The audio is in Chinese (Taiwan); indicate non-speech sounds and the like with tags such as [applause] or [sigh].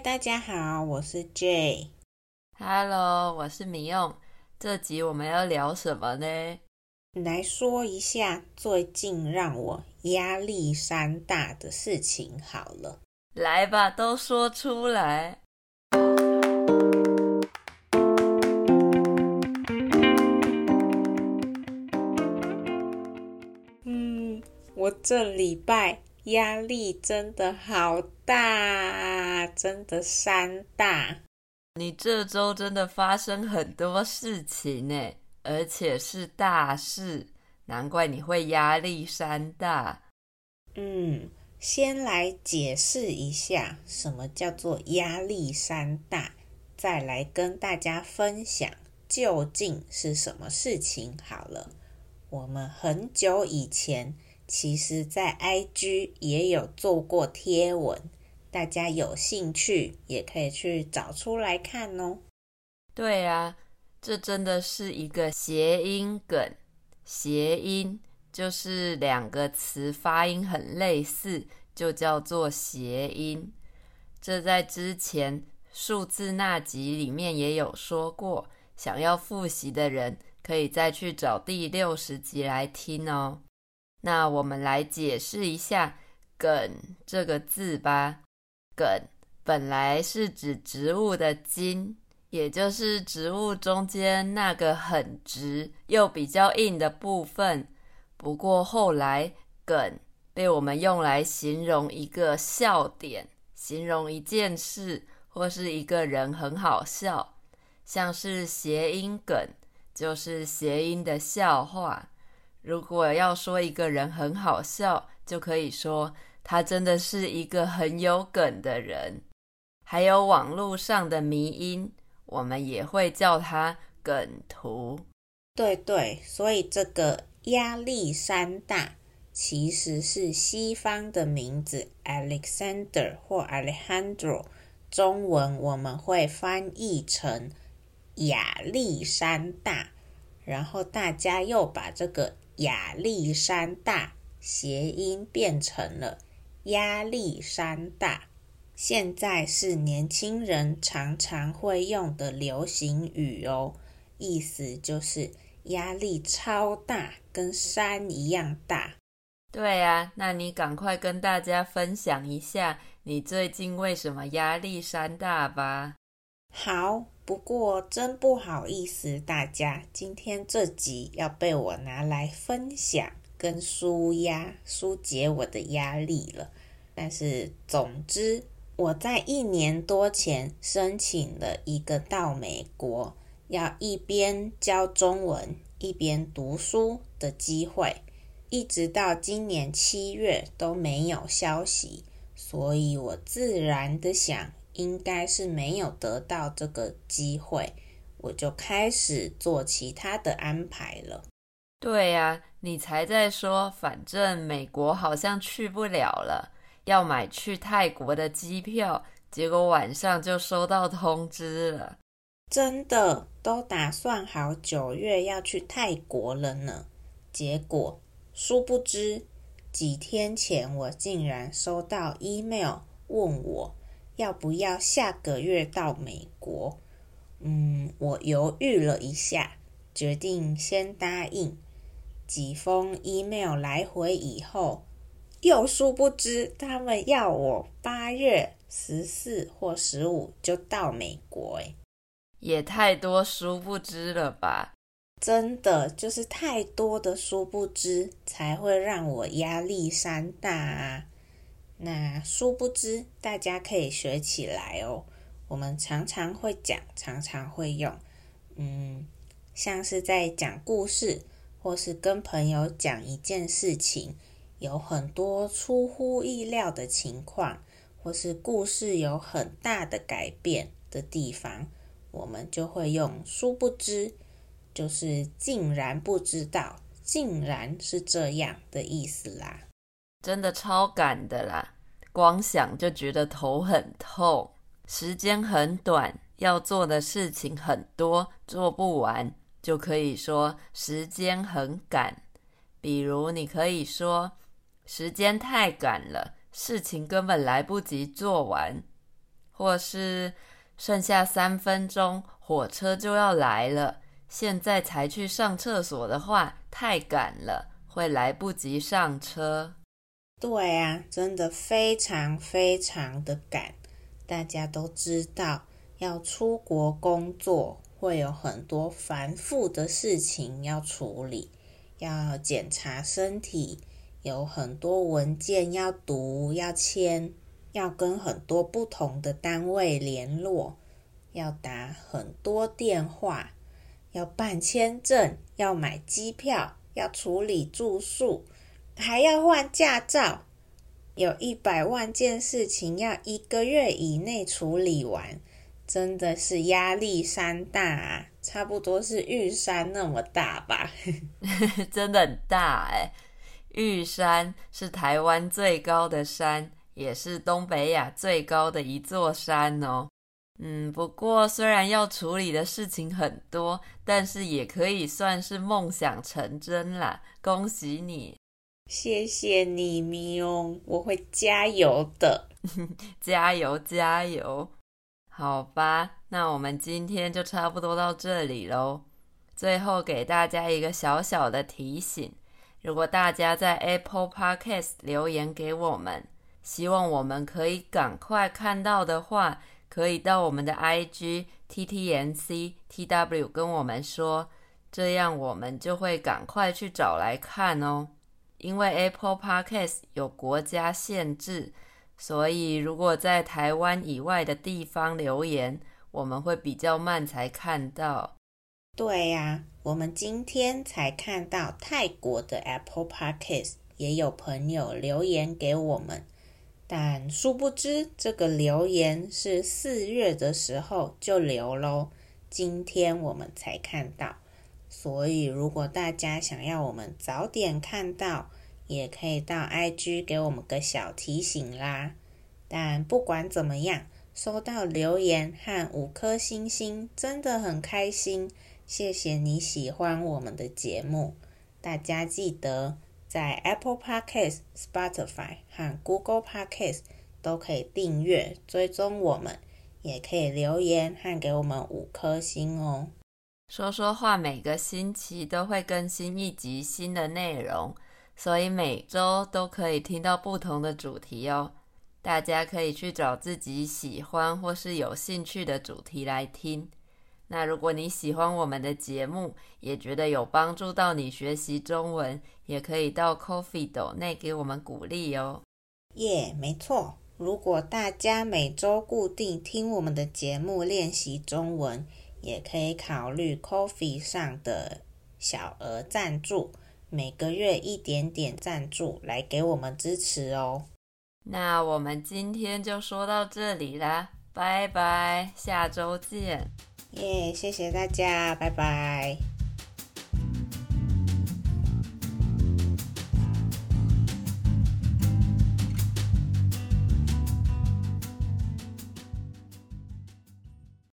大家好，我是 Jay，Hello，我是米用。這集我們要聊什麼呢？來說一下最近讓我壓力山大的事情好了。來吧，都說出來。嗯，我這禮拜。壓力真的好大，真的山大。你這週真的發生很多事情呢，而且是大事，難怪你會壓力山大。嗯，先來解釋一下什麼叫做壓力山大，再來跟大家分享究竟是什麼事情好了。我們很久以前，其實，在 IG 也有做過貼文，大家有興趣也可以去找出來看哦。對啊，這真的是一個諧音梗。諧音就是兩個詞發音很類似，就叫做諧音。這在之前數字那集裡面也有說過，想要複習的人可以再去找第六十集來聽哦。那我們來解釋一下“梗”這個字吧。“梗”本來是指植物的莖，也就是植物中間那個很直又比較硬的部分。不過後來，“梗”被我們用來形容一個笑點，形容一件事或是一個人很好笑，像是諧音梗，就是諧音的笑話。如果要說一個人很好笑，就可以說他真的是一個很有梗的人。還有網絡上的迷因，我們也會叫他梗圖。對對，所以這個亞歷山大其實是西方的名字，Alexander 或 Alejandro，中文我們會翻譯成亞歷山大，然後大家又把這個。亞歷山大諧音變成了壓力山大，現在是年輕人常常會用的流行語哦。意思就是壓力超大，跟山一樣大。對啊，那你趕快跟大家分享一下你最近為什麼壓力山大吧。好，不過真不好意思，大家，今天這集要被我拿來分享跟舒壓、紓解我的壓力了。但是，總之，我在一年多前申請了一個到美國要一邊教中文一邊讀書的機會，一直到今年七月都沒有消息，所以我自然的想。應該是沒有得到這個機會，我就開始做其他的安排了。對啊，你才在說，反正美國好像去不了了，要買去泰國的機票，結果晚上就收到通知了。真的都打算好九月要去泰國了呢，結果殊不知幾天前我竟然收到 email 問我，要不要下個月到美國？嗯，我猶豫了一下，決定先答應。幾封 email 來回以後，又殊不知他們要我八月十四或十五就到美國，欸，也太多殊不知了吧？真的就是太多的殊不知，才會讓我壓力山大啊！那殊不知，大家可以學起來哦。我們常常會講，常常會用，嗯，像是在講故事，或是跟朋友講一件事情，有很多出乎意料的情況，或是故事有很大的改變的地方，我們就會用“殊不知”，就是竟然不知道，竟然是這樣的意思啦。真的超趕的啦！光想就覺得頭很痛，時間很短，要做的事情很多，做不完就可以說時間很趕。比如你可以說時間太趕了，事情根本來不及做完；或是剩下三分鐘火車就要來了，現在才去上廁所的話太趕了，會來不及上車。對啊，真的非常非常的趕。大家都知道，要出國工作會有很多繁複的事情要處理，要檢查身體，有很多文件要讀、要簽，要跟很多不同的單位聯絡，要打很多電話，要辦簽證，要買機票，要處理住宿。還要換駕照，有一百萬件事情要一個月以內處理完，真的是壓力山大啊！差不多是玉山那麼大吧？ [laughs] [laughs] 真的很大哎、欸！玉山是台灣最高的山，也是東北亞最高的一座山哦。嗯，不過雖然要處理的事情很多，但是也可以算是夢想成真啦。恭喜你！謝謝你，咪歐，我會加油的， [laughs] 加油加油！好吧，那我們今天就差不多到這裡嘍。最後給大家一個小小的提醒：如果大家在 Apple Podcast 留言給我們，希望我們可以趕快看到的話，可以到我們的 IG TTMCTW 跟我們說，這樣我們就會趕快去找來看哦。因為 Apple Podcast 有國家限制，所以如果在台灣以外的地方留言，我們會比較慢才看到。對呀，我們今天才看到泰國的 Apple Podcast 也有朋友留言給我們，但殊不知這個留言是四月的時候就留嘍，今天我們才看到。所以，如果大家想要我們早點看到，也可以到 IG 給我們個小提醒啦。但不管怎麼樣，收到留言和五顆星星，真的很開心。謝謝你喜歡我們的節目。大家記得在 Apple Podcasts、Spotify 和 Google Podcasts 都可以訂閱、追蹤我們，也可以留言和給我們五顆星哦。說說話，每個星期都會更新一集新的內容，所以每周都可以聽到不同的主題哦。大家可以去找自己喜歡或是有興趣的主題來聽。那如果你喜歡我們的節目，也覺得有幫助到你學習中文，也可以到 Ko-fi 鬥內給我們鼓勵哦。耶，yeah，沒錯。如果大家每周固定聽我們的節目練習中文，也可以考慮 Ko-fi 上的小額贊助，每個月一點點贊助來給我們支持哦。那我們今天就說到這裡啦，拜拜，下周見。耶，yeah，謝謝大家，拜拜。